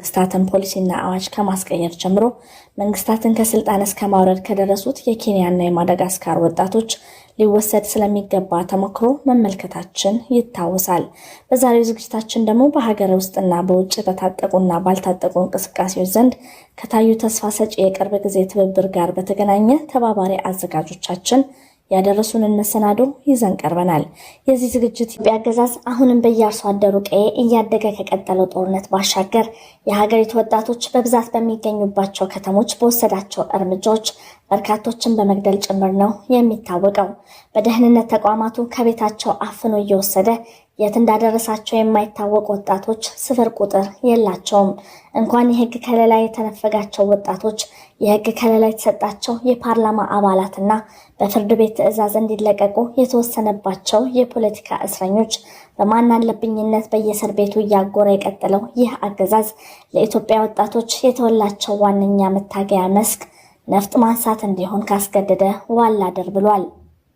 የመንግስታትን ፖሊሲና አዋጅ ከማስቀየር ጀምሮ መንግስታትን ከስልጣን እስከ ማውረድ ከደረሱት የኬንያና የማዳጋስካር ወጣቶች ሊወሰድ ስለሚገባ ተሞክሮ መመልከታችን ይታወሳል። በዛሬው ዝግጅታችን ደግሞ በሀገር ውስጥና በውጭ በታጠቁና ባልታጠቁ እንቅስቃሴዎች ዘንድ ከታዩ ተስፋ ሰጪ የቅርብ ጊዜ ትብብር ጋር በተገናኘ ተባባሪ አዘጋጆቻችን ያደረሱንን መሰናዶ ይዘን ቀርበናል። የዚህ ዝግጅት ኢትዮጵያ አገዛዝ አሁንም በየአርሶ አደሩ ቀዬ እያደገ ከቀጠለው ጦርነት ባሻገር የሀገሪቱ ወጣቶች በብዛት በሚገኙባቸው ከተሞች በወሰዳቸው እርምጃዎች በርካቶችን በመግደል ጭምር ነው የሚታወቀው። በደህንነት ተቋማቱ ከቤታቸው አፍኖ እየወሰደ የት እንዳደረሳቸው የማይታወቅ ወጣቶች ስፍር ቁጥር የላቸውም። እንኳን የህግ ከለላ የተነፈጋቸው ወጣቶች የህግ ከለላ የተሰጣቸው የፓርላማ አባላትና በፍርድ ቤት ትዕዛዝ እንዲለቀቁ የተወሰነባቸው የፖለቲካ እስረኞች በማን አለብኝነት በየእስር ቤቱ እያጎረ የቀጠለው ይህ አገዛዝ ለኢትዮጵያ ወጣቶች የተወላቸው ዋነኛ መታገያ መስክ ነፍጥ ማንሳት እንዲሆን ካስገደደ ዋላደር ብሏል።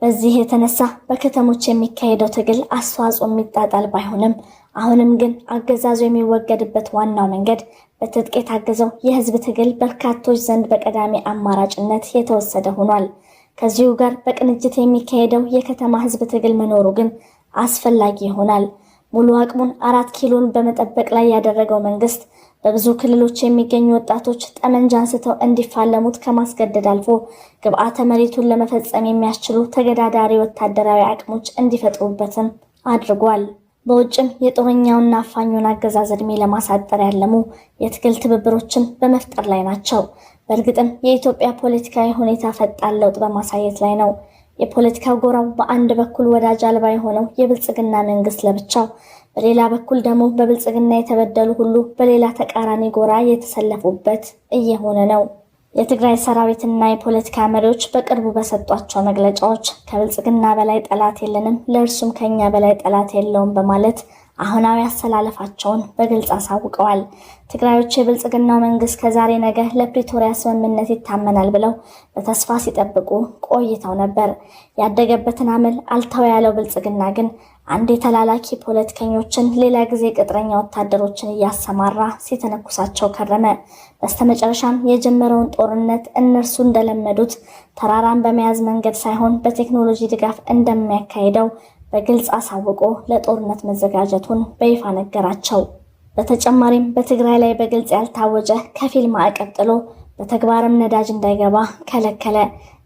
በዚህ የተነሳ በከተሞች የሚካሄደው ትግል አስተዋጽኦ የሚጣጣል ባይሆንም አሁንም ግን አገዛዙ የሚወገድበት ዋናው መንገድ በትጥቅ የታገዘው የህዝብ ትግል በርካቶች ዘንድ በቀዳሚ አማራጭነት የተወሰደ ሆኗል። ከዚሁ ጋር በቅንጅት የሚካሄደው የከተማ ህዝብ ትግል መኖሩ ግን አስፈላጊ ይሆናል። ሙሉ አቅሙን አራት ኪሎን በመጠበቅ ላይ ያደረገው መንግስት በብዙ ክልሎች የሚገኙ ወጣቶች ጠመንጃ አንስተው እንዲፋለሙት ከማስገደድ አልፎ ግብዓተ መሬቱን ለመፈጸም የሚያስችሉ ተገዳዳሪ ወታደራዊ አቅሞች እንዲፈጥሩበትም አድርጓል። በውጭም የጦረኛውና አፋኙን አገዛዝ ዕድሜ ለማሳጠር ያለሙ የትግል ትብብሮችን በመፍጠር ላይ ናቸው። በእርግጥም የኢትዮጵያ ፖለቲካዊ ሁኔታ ፈጣን ለውጥ በማሳየት ላይ ነው። የፖለቲካ ጎራው በአንድ በኩል ወዳጅ አልባ የሆነው የብልጽግና መንግስት ለብቻው በሌላ በኩል ደግሞ በብልጽግና የተበደሉ ሁሉ በሌላ ተቃራኒ ጎራ የተሰለፉበት እየሆነ ነው። የትግራይ ሰራዊትና የፖለቲካ መሪዎች በቅርቡ በሰጧቸው መግለጫዎች ከብልጽግና በላይ ጠላት የለንም፣ ለእርሱም ከኛ በላይ ጠላት የለውም በማለት አሁናዊ አሰላለፋቸውን በግልጽ አሳውቀዋል። ትግራዮች የብልጽግናው መንግስት ከዛሬ ነገ ለፕሪቶሪያ ስምምነት ይታመናል ብለው በተስፋ ሲጠብቁ ቆይተው ነበር። ያደገበትን አመል አልተው ያለው ብልጽግና ግን አንድ የተላላኪ ፖለቲከኞችን ሌላ ጊዜ ቅጥረኛ ወታደሮችን እያሰማራ ሲተነኩሳቸው ከረመ። በስተመጨረሻም የጀመረውን ጦርነት እነርሱ እንደለመዱት ተራራን በመያዝ መንገድ ሳይሆን በቴክኖሎጂ ድጋፍ እንደሚያካሂደው በግልጽ አሳውቆ ለጦርነት መዘጋጀቱን በይፋ ነገራቸው። በተጨማሪም በትግራይ ላይ በግልጽ ያልታወጀ ከፊል ማዕቀብ ጥሎ በተግባርም ነዳጅ እንዳይገባ ከለከለ።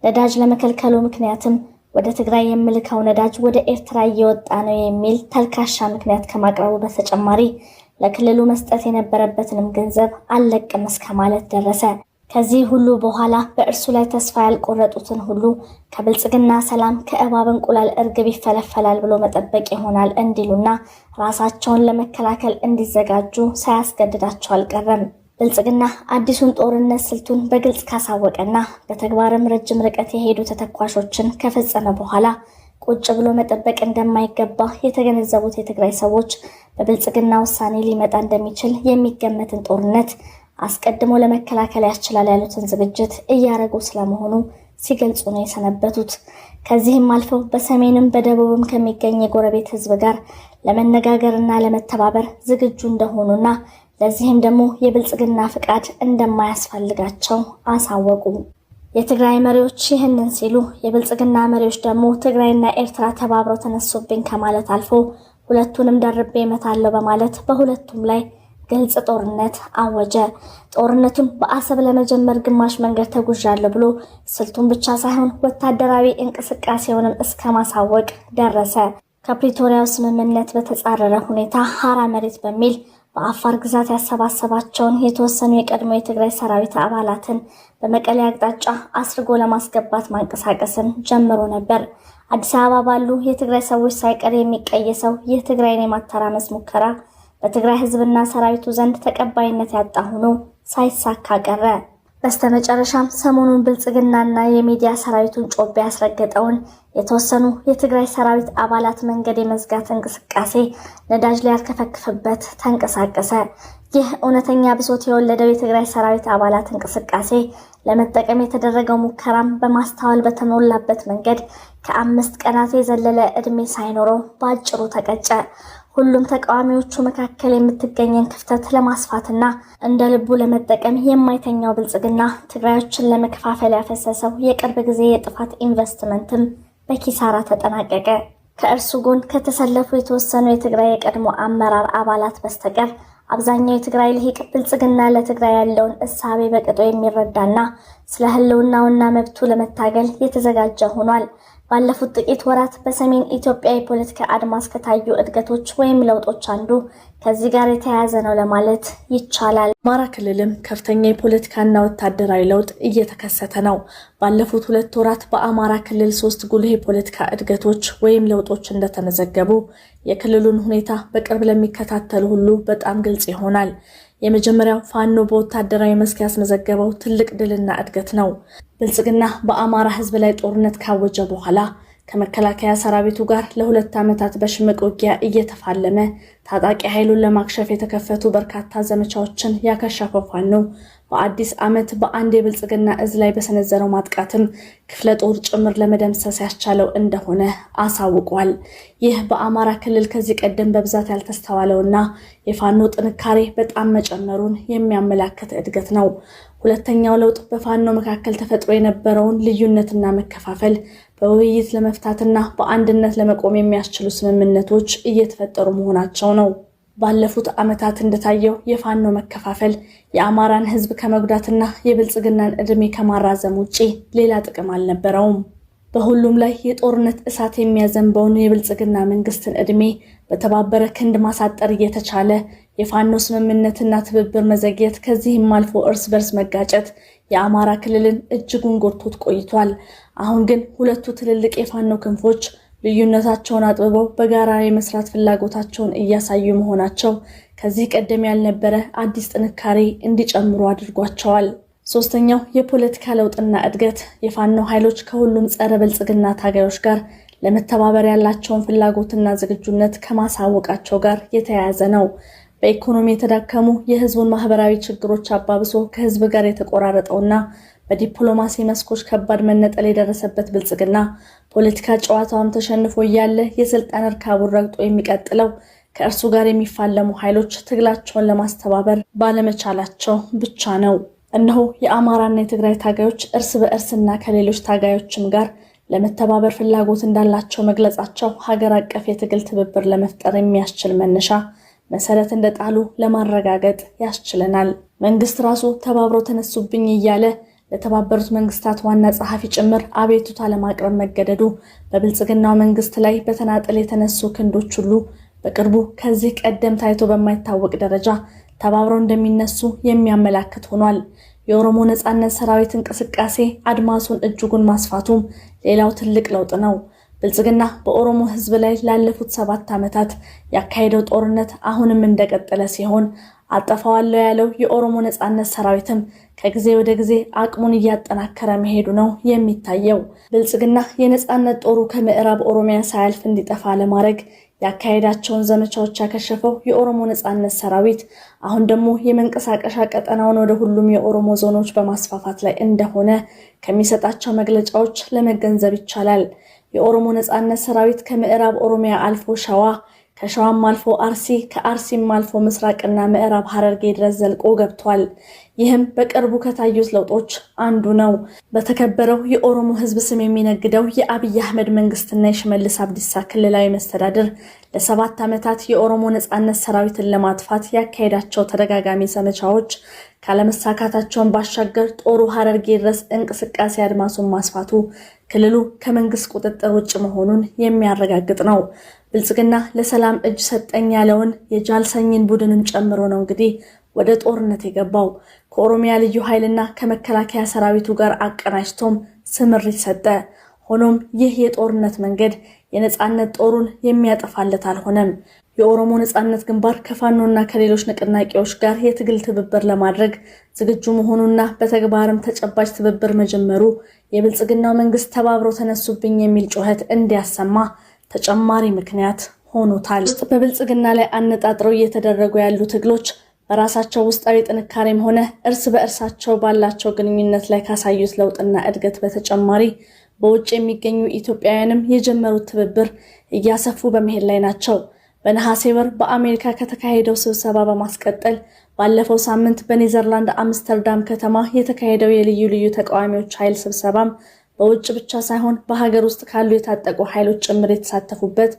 ነዳጅ ለመከልከሉ ምክንያትም ወደ ትግራይ የምልከው ነዳጅ ወደ ኤርትራ እየወጣ ነው የሚል ተልካሻ ምክንያት ከማቅረቡ በተጨማሪ ለክልሉ መስጠት የነበረበትንም ገንዘብ አልለቅም እስከ ማለት ደረሰ። ከዚህ ሁሉ በኋላ በእርሱ ላይ ተስፋ ያልቆረጡትን ሁሉ ከብልጽግና ሰላም ከእባብ እንቁላል እርግብ ይፈለፈላል ብሎ መጠበቅ ይሆናል እንዲሉና ራሳቸውን ለመከላከል እንዲዘጋጁ ሳያስገድዳቸው አልቀረም። ብልጽግና አዲሱን ጦርነት ስልቱን በግልጽ ካሳወቀና በተግባርም ረጅም ርቀት የሄዱ ተተኳሾችን ከፈጸመ በኋላ ቁጭ ብሎ መጠበቅ እንደማይገባ የተገነዘቡት የትግራይ ሰዎች በብልጽግና ውሳኔ ሊመጣ እንደሚችል የሚገመትን ጦርነት አስቀድሞ ለመከላከል ያስችላል ያሉትን ዝግጅት እያደረጉ ስለመሆኑ ሲገልጹ ነው የሰነበቱት። ከዚህም አልፈው በሰሜንም በደቡብም ከሚገኝ የጎረቤት ህዝብ ጋር ለመነጋገርና ለመተባበር ዝግጁ እንደሆኑና ለዚህም ደግሞ የብልጽግና ፍቃድ እንደማያስፈልጋቸው አሳወቁ። የትግራይ መሪዎች ይህንን ሲሉ፣ የብልጽግና መሪዎች ደግሞ ትግራይና ኤርትራ ተባብረው ተነሱብኝ ከማለት አልፎ ሁለቱንም ደርቤ እመታለሁ በማለት በሁለቱም ላይ ግልጽ ጦርነት አወጀ። ጦርነቱን በአሰብ ለመጀመር ግማሽ መንገድ ተጉዣለሁ ብሎ ስልቱን ብቻ ሳይሆን ወታደራዊ እንቅስቃሴውንም እስከ ማሳወቅ ደረሰ። ከፕሪቶሪያው ስምምነት በተጻረረ ሁኔታ ሀራ መሬት በሚል በአፋር ግዛት ያሰባሰባቸውን የተወሰኑ የቀድሞ የትግራይ ሰራዊት አባላትን በመቀሌ አቅጣጫ አስርጎ ለማስገባት ማንቀሳቀስም ጀምሮ ነበር። አዲስ አበባ ባሉ የትግራይ ሰዎች ሳይቀር የሚቀየሰው ይህ ትግራይን የማተራመስ ሙከራ በትግራይ ህዝብና ሰራዊቱ ዘንድ ተቀባይነት ያጣ ሆኖ ሳይሳካ ቀረ። በስተመጨረሻም ሰሞኑን ብልጽግናና የሚዲያ ሰራዊቱን ጮቤ ያስረገጠውን የተወሰኑ የትግራይ ሰራዊት አባላት መንገድ የመዝጋት እንቅስቃሴ ነዳጅ ሊያርከፈክፍበት ተንቀሳቀሰ። ይህ እውነተኛ ብሶት የወለደው የትግራይ ሰራዊት አባላት እንቅስቃሴ ለመጠቀም የተደረገው ሙከራም በማስተዋል በተሞላበት መንገድ ከአምስት ቀናት የዘለለ ዕድሜ ሳይኖረው በአጭሩ ተቀጨ። ሁሉም ተቃዋሚዎቹ መካከል የምትገኘን ክፍተት ለማስፋትና እንደ ልቡ ለመጠቀም የማይተኛው ብልጽግና ትግራዮችን ለመከፋፈል ያፈሰሰው የቅርብ ጊዜ የጥፋት ኢንቨስትመንትም በኪሳራ ተጠናቀቀ። ከእርሱ ጎን ከተሰለፉ የተወሰኑ የትግራይ የቀድሞ አመራር አባላት በስተቀር አብዛኛው የትግራይ ልሂቅ ብልጽግና ለትግራይ ያለውን እሳቤ በቅጦ የሚረዳና ስለ ህልውናውና መብቱ ለመታገል የተዘጋጀ ሆኗል። ባለፉት ጥቂት ወራት በሰሜን ኢትዮጵያ የፖለቲካ አድማስ ከታዩ እድገቶች ወይም ለውጦች አንዱ ከዚህ ጋር የተያያዘ ነው ለማለት ይቻላል። አማራ ክልልም ከፍተኛ የፖለቲካና ወታደራዊ ለውጥ እየተከሰተ ነው። ባለፉት ሁለት ወራት በአማራ ክልል ሶስት ጉልህ የፖለቲካ እድገቶች ወይም ለውጦች እንደተመዘገቡ የክልሉን ሁኔታ በቅርብ ለሚከታተሉ ሁሉ በጣም ግልጽ ይሆናል። የመጀመሪያው ፋኖ በወታደራዊ መስክ ያስመዘገበው ትልቅ ድልና እድገት ነው። ብልጽግና በአማራ ሕዝብ ላይ ጦርነት ካወጀ በኋላ ከመከላከያ ሰራዊቱ ጋር ለሁለት ዓመታት በሽምቅ ውጊያ እየተፋለመ ታጣቂ ኃይሉን ለማክሸፍ የተከፈቱ በርካታ ዘመቻዎችን ያከሸፈው ፋኖ በአዲስ ዓመት በአንድ የብልጽግና እዝ ላይ በሰነዘረው ማጥቃትም ክፍለ ጦር ጭምር ለመደምሰስ ያስቻለው እንደሆነ አሳውቋል። ይህ በአማራ ክልል ከዚህ ቀደም በብዛት ያልተስተዋለውና የፋኖ ጥንካሬ በጣም መጨመሩን የሚያመላክት እድገት ነው። ሁለተኛው ለውጥ በፋኖ መካከል ተፈጥሮ የነበረውን ልዩነትና መከፋፈል በውይይት ለመፍታትና በአንድነት ለመቆም የሚያስችሉ ስምምነቶች እየተፈጠሩ መሆናቸው ነው። ባለፉት ዓመታት እንደታየው የፋኖ መከፋፈል የአማራን ሕዝብ ከመጉዳትና የብልጽግናን ዕድሜ ከማራዘም ውጪ ሌላ ጥቅም አልነበረውም። በሁሉም ላይ የጦርነት እሳት የሚያዘንበውን የብልጽግና መንግስትን ዕድሜ በተባበረ ክንድ ማሳጠር እየተቻለ የፋኖ ስምምነትና ትብብር መዘግየት ከዚህም አልፎ እርስ በርስ መጋጨት የአማራ ክልልን እጅጉን ጎድቶት ቆይቷል። አሁን ግን ሁለቱ ትልልቅ የፋኖ ክንፎች ልዩነታቸውን አጥብበው በጋራ የመስራት ፍላጎታቸውን እያሳዩ መሆናቸው ከዚህ ቀደም ያልነበረ አዲስ ጥንካሬ እንዲጨምሩ አድርጓቸዋል። ሶስተኛው የፖለቲካ ለውጥና እድገት የፋኖ ኃይሎች ከሁሉም ጸረ ብልጽግና ታጋዮች ጋር ለመተባበር ያላቸውን ፍላጎትና ዝግጁነት ከማሳወቃቸው ጋር የተያያዘ ነው። በኢኮኖሚ የተዳከሙ የሕዝቡን ማህበራዊ ችግሮች አባብሶ ከህዝብ ጋር የተቆራረጠውና በዲፕሎማሲ መስኮች ከባድ መነጠል የደረሰበት ብልጽግና ፖለቲካ ጨዋታውም ተሸንፎ እያለ የስልጣን እርካቡን ረግጦ የሚቀጥለው ከእርሱ ጋር የሚፋለሙ ኃይሎች ትግላቸውን ለማስተባበር ባለመቻላቸው ብቻ ነው። እነሆ የአማራና የትግራይ ታጋዮች እርስ በእርስና ከሌሎች ታጋዮችም ጋር ለመተባበር ፍላጎት እንዳላቸው መግለጻቸው ሀገር አቀፍ የትግል ትብብር ለመፍጠር የሚያስችል መነሻ መሰረት እንደጣሉ ለማረጋገጥ ያስችለናል። መንግስት ራሱ ተባብረው ተነሱብኝ እያለ ለተባበሩት መንግስታት ዋና ጸሐፊ ጭምር አቤቱታ ለማቅረብ መገደዱ በብልጽግናው መንግስት ላይ በተናጠል የተነሱ ክንዶች ሁሉ በቅርቡ ከዚህ ቀደም ታይቶ በማይታወቅ ደረጃ ተባብረው እንደሚነሱ የሚያመላክት ሆኗል። የኦሮሞ ነጻነት ሰራዊት እንቅስቃሴ አድማሱን እጅጉን ማስፋቱም ሌላው ትልቅ ለውጥ ነው። ብልጽግና በኦሮሞ ሕዝብ ላይ ላለፉት ሰባት ዓመታት ያካሄደው ጦርነት አሁንም እንደቀጠለ ሲሆን አጠፋዋለሁ ያለው የኦሮሞ ነጻነት ሰራዊትም ከጊዜ ወደ ጊዜ አቅሙን እያጠናከረ መሄዱ ነው የሚታየው። ብልጽግና የነጻነት ጦሩ ከምዕራብ ኦሮሚያ ሳያልፍ እንዲጠፋ ለማድረግ ያካሄዳቸውን ዘመቻዎች ያከሸፈው የኦሮሞ ነጻነት ሰራዊት አሁን ደግሞ የመንቀሳቀሻ ቀጠናውን ወደ ሁሉም የኦሮሞ ዞኖች በማስፋፋት ላይ እንደሆነ ከሚሰጣቸው መግለጫዎች ለመገንዘብ ይቻላል። የኦሮሞ ነጻነት ሰራዊት ከምዕራብ ኦሮሚያ አልፎ ሸዋ ከሸዋም አልፎ አርሲ ከአርሲም አልፎ ምስራቅና ምዕራብ ሐረርጌ ድረስ ዘልቆ ገብቷል። ይህም በቅርቡ ከታዩት ለውጦች አንዱ ነው። በተከበረው የኦሮሞ ሕዝብ ስም የሚነግደው የአብይ አህመድ መንግስትና የሽመልስ አብዲሳ ክልላዊ መስተዳድር ለሰባት ዓመታት የኦሮሞ ነፃነት ሰራዊትን ለማጥፋት ያካሄዳቸው ተደጋጋሚ ዘመቻዎች ካለመሳካታቸውን ባሻገር ጦሩ ሀረርጌ ድረስ እንቅስቃሴ አድማሱን ማስፋቱ ክልሉ ከመንግስት ቁጥጥር ውጭ መሆኑን የሚያረጋግጥ ነው። ብልጽግና ለሰላም እጅ ሰጠኝ ያለውን የጃልሰኝን ቡድንን ጨምሮ ነው እንግዲህ ወደ ጦርነት የገባው ከኦሮሚያ ልዩ ኃይልና ከመከላከያ ሰራዊቱ ጋር አቀናጅቶም ስምሪት ሰጠ። ሆኖም ይህ የጦርነት መንገድ የነፃነት ጦሩን የሚያጠፋለት አልሆነም። የኦሮሞ ነፃነት ግንባር ከፋኖና ከሌሎች ንቅናቄዎች ጋር የትግል ትብብር ለማድረግ ዝግጁ መሆኑና በተግባርም ተጨባጭ ትብብር መጀመሩ የብልጽግናው መንግስት ተባብረው ተነሱብኝ የሚል ጩኸት እንዲያሰማ ተጨማሪ ምክንያት ሆኖታል። ውስጥ በብልጽግና ላይ አነጣጥረው እየተደረጉ ያሉ ትግሎች በራሳቸው ውስጣዊ ጥንካሬም ሆነ እርስ በእርሳቸው ባላቸው ግንኙነት ላይ ካሳዩት ለውጥና እድገት በተጨማሪ በውጭ የሚገኙ ኢትዮጵያውያንም የጀመሩት ትብብር እያሰፉ በመሄድ ላይ ናቸው። በነሐሴ ወር በአሜሪካ ከተካሄደው ስብሰባ በማስቀጠል ባለፈው ሳምንት በኔዘርላንድ አምስተርዳም ከተማ የተካሄደው የልዩ ልዩ ተቃዋሚዎች ኃይል ስብሰባም በውጭ ብቻ ሳይሆን በሀገር ውስጥ ካሉ የታጠቁ ኃይሎች ጭምር የተሳተፉበት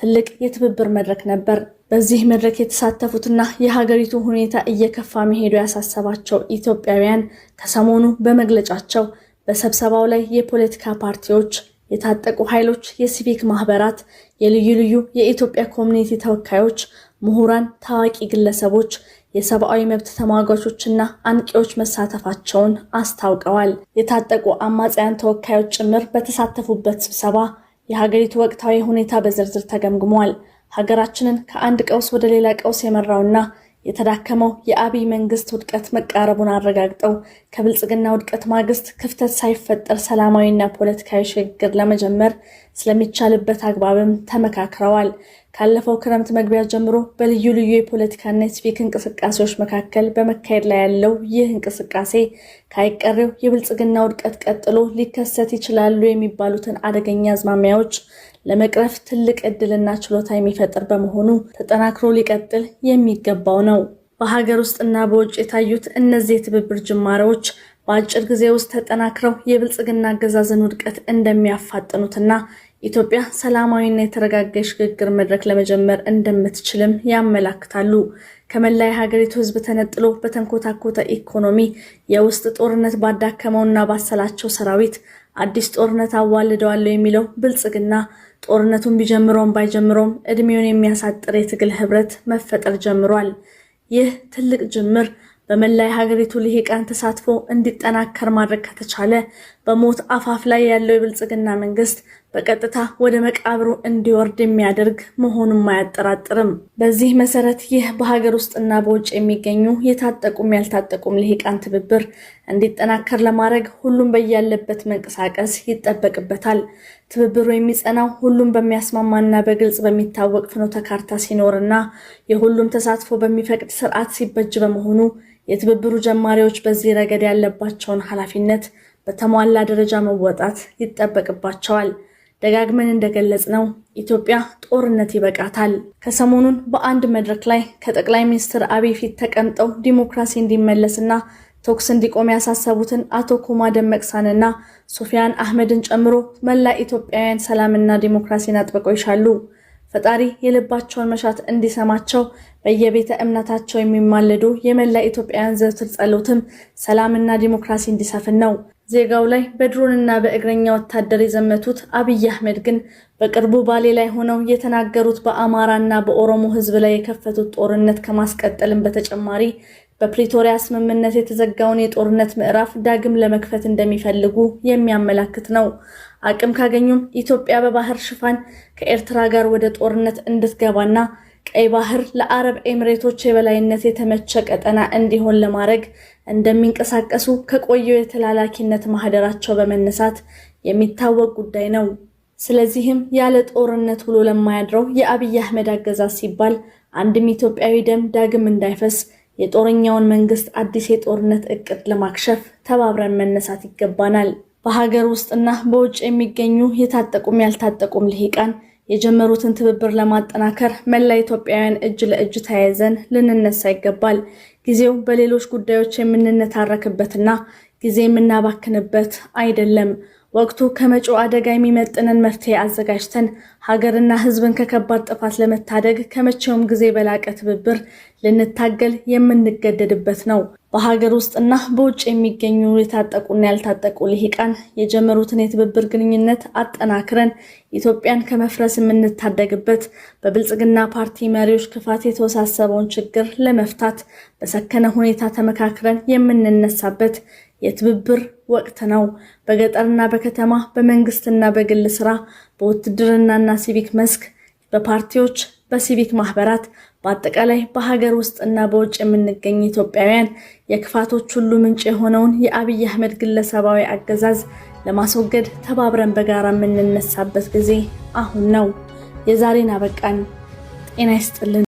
ትልቅ የትብብር መድረክ ነበር። በዚህ መድረክ የተሳተፉትና የሀገሪቱ ሁኔታ እየከፋ መሄዱ ያሳሰባቸው ኢትዮጵያውያን ከሰሞኑ በመግለጫቸው በስብሰባው ላይ የፖለቲካ ፓርቲዎች፣ የታጠቁ ኃይሎች፣ የሲቪክ ማህበራት፣ የልዩ ልዩ የኢትዮጵያ ኮሚኒቲ ተወካዮች፣ ምሁራን፣ ታዋቂ ግለሰቦች፣ የሰብአዊ መብት ተሟጋቾችና አንቂዎች መሳተፋቸውን አስታውቀዋል። የታጠቁ አማጽያን ተወካዮች ጭምር በተሳተፉበት ስብሰባ የሀገሪቱ ወቅታዊ ሁኔታ በዝርዝር ተገምግሟል። ሀገራችንን ከአንድ ቀውስ ወደ ሌላ ቀውስ የመራውና የተዳከመው የአብይ መንግስት ውድቀት መቃረቡን አረጋግጠው ከብልጽግና ውድቀት ማግስት ክፍተት ሳይፈጠር ሰላማዊና ፖለቲካዊ ሽግግር ለመጀመር ስለሚቻልበት አግባብም ተመካክረዋል። ካለፈው ክረምት መግቢያ ጀምሮ በልዩ ልዩ የፖለቲካና የሲቪክ እንቅስቃሴዎች መካከል በመካሄድ ላይ ያለው ይህ እንቅስቃሴ ካይቀሬው የብልጽግና ውድቀት ቀጥሎ ሊከሰት ይችላሉ የሚባሉትን አደገኛ አዝማሚያዎች ለመቅረፍ ትልቅ ዕድልና ችሎታ የሚፈጥር በመሆኑ ተጠናክሮ ሊቀጥል የሚገባው ነው። በሀገር ውስጥና በውጭ የታዩት እነዚህ የትብብር ጅማሬዎች በአጭር ጊዜ ውስጥ ተጠናክረው የብልጽግና አገዛዝን ውድቀት እንደሚያፋጥኑትና ኢትዮጵያ ሰላማዊና የተረጋጋ የሽግግር መድረክ ለመጀመር እንደምትችልም ያመላክታሉ። ከመላ የሀገሪቱ ሕዝብ ተነጥሎ በተንኮታኮተ ኢኮኖሚ የውስጥ ጦርነት ባዳከመውና ባሰላቸው ሰራዊት አዲስ ጦርነት አዋልደዋለሁ የሚለው ብልጽግና ጦርነቱን ቢጀምረውም ባይጀምረውም እድሜውን የሚያሳጥር የትግል ህብረት መፈጠር ጀምሯል። ይህ ትልቅ ጅምር በመላ የሀገሪቱ ልሂቃን ተሳትፎ እንዲጠናከር ማድረግ ከተቻለ በሞት አፋፍ ላይ ያለው የብልጽግና መንግስት በቀጥታ ወደ መቃብሩ እንዲወርድ የሚያደርግ መሆኑም አያጠራጥርም። በዚህ መሰረት ይህ በሀገር ውስጥና በውጭ የሚገኙ የታጠቁም ያልታጠቁም ልሂቃን ትብብር እንዲጠናከር ለማድረግ ሁሉም በያለበት መንቀሳቀስ ይጠበቅበታል። ትብብሩ የሚጸናው ሁሉም በሚያስማማና በግልጽ በሚታወቅ ፍኖተ ካርታ ሲኖርና የሁሉም ተሳትፎ በሚፈቅድ ስርዓት ሲበጅ በመሆኑ የትብብሩ ጀማሪዎች በዚህ ረገድ ያለባቸውን ኃላፊነት በተሟላ ደረጃ መወጣት ይጠበቅባቸዋል። ደጋግመን እንደገለጽ ነው ኢትዮጵያ ጦርነት ይበቃታል። ከሰሞኑን በአንድ መድረክ ላይ ከጠቅላይ ሚኒስትር አብይ ፊት ተቀምጠው ዲሞክራሲ እንዲመለስና ተኩስ እንዲቆም ያሳሰቡትን አቶ ኩማ ደመቅሳንና ሶፊያን አህመድን ጨምሮ መላ ኢትዮጵያውያን ሰላምና ዲሞክራሲን አጥብቀው ይሻሉ። ፈጣሪ የልባቸውን መሻት እንዲሰማቸው በየቤተ እምነታቸው የሚማለዱ የመላ ኢትዮጵያውያን ዘወትር ጸሎትም ሰላምና ዲሞክራሲ እንዲሰፍን ነው። ዜጋው ላይ በድሮንና በእግረኛ ወታደር የዘመቱት አብይ አህመድ ግን በቅርቡ ባሌ ላይ ሆነው የተናገሩት በአማራና በኦሮሞ ሕዝብ ላይ የከፈቱት ጦርነት ከማስቀጠልም በተጨማሪ በፕሪቶሪያ ስምምነት የተዘጋውን የጦርነት ምዕራፍ ዳግም ለመክፈት እንደሚፈልጉ የሚያመላክት ነው። አቅም ካገኙም ኢትዮጵያ በባህር ሽፋን ከኤርትራ ጋር ወደ ጦርነት እንድትገባና ቀይ ባህር ለአረብ ኤምሬቶች የበላይነት የተመቸ ቀጠና እንዲሆን ለማድረግ እንደሚንቀሳቀሱ ከቆየው የተላላኪነት ማህደራቸው በመነሳት የሚታወቅ ጉዳይ ነው። ስለዚህም ያለ ጦርነት ውሎ ለማያድረው የአብይ አህመድ አገዛዝ ሲባል አንድም ኢትዮጵያዊ ደም ዳግም እንዳይፈስ የጦረኛውን መንግስት አዲስ የጦርነት እቅድ ለማክሸፍ ተባብረን መነሳት ይገባናል። በሀገር ውስጥና በውጭ የሚገኙ የታጠቁም ያልታጠቁም ልሂቃን የጀመሩትን ትብብር ለማጠናከር መላ ኢትዮጵያውያን እጅ ለእጅ ተያይዘን ልንነሳ ይገባል። ጊዜው በሌሎች ጉዳዮች የምንነታረክበትና ጊዜ የምናባክንበት አይደለም። ወቅቱ ከመጪው አደጋ የሚመጥንን መፍትሄ አዘጋጅተን ሀገርና ሕዝብን ከከባድ ጥፋት ለመታደግ ከመቼውም ጊዜ በላቀ ትብብር ልንታገል የምንገደድበት ነው። በሀገር ውስጥና በውጭ የሚገኙ የታጠቁና ያልታጠቁ ልሂቃን የጀመሩትን የትብብር ግንኙነት አጠናክረን ኢትዮጵያን ከመፍረስ የምንታደግበት፣ በብልጽግና ፓርቲ መሪዎች ክፋት የተወሳሰበውን ችግር ለመፍታት በሰከነ ሁኔታ ተመካክረን የምንነሳበት የትብብር ወቅት ነው። በገጠርና በከተማ በመንግስትና በግል ስራ፣ በውትድርናና ሲቪክ መስክ፣ በፓርቲዎች፣ በሲቪክ ማህበራት፣ በአጠቃላይ በሀገር ውስጥና በውጭ የምንገኝ ኢትዮጵያውያን የክፋቶች ሁሉ ምንጭ የሆነውን የአብይ አህመድ ግለሰባዊ አገዛዝ ለማስወገድ ተባብረን በጋራ የምንነሳበት ጊዜ አሁን ነው። የዛሬን አበቃን። ጤና ይስጥልን።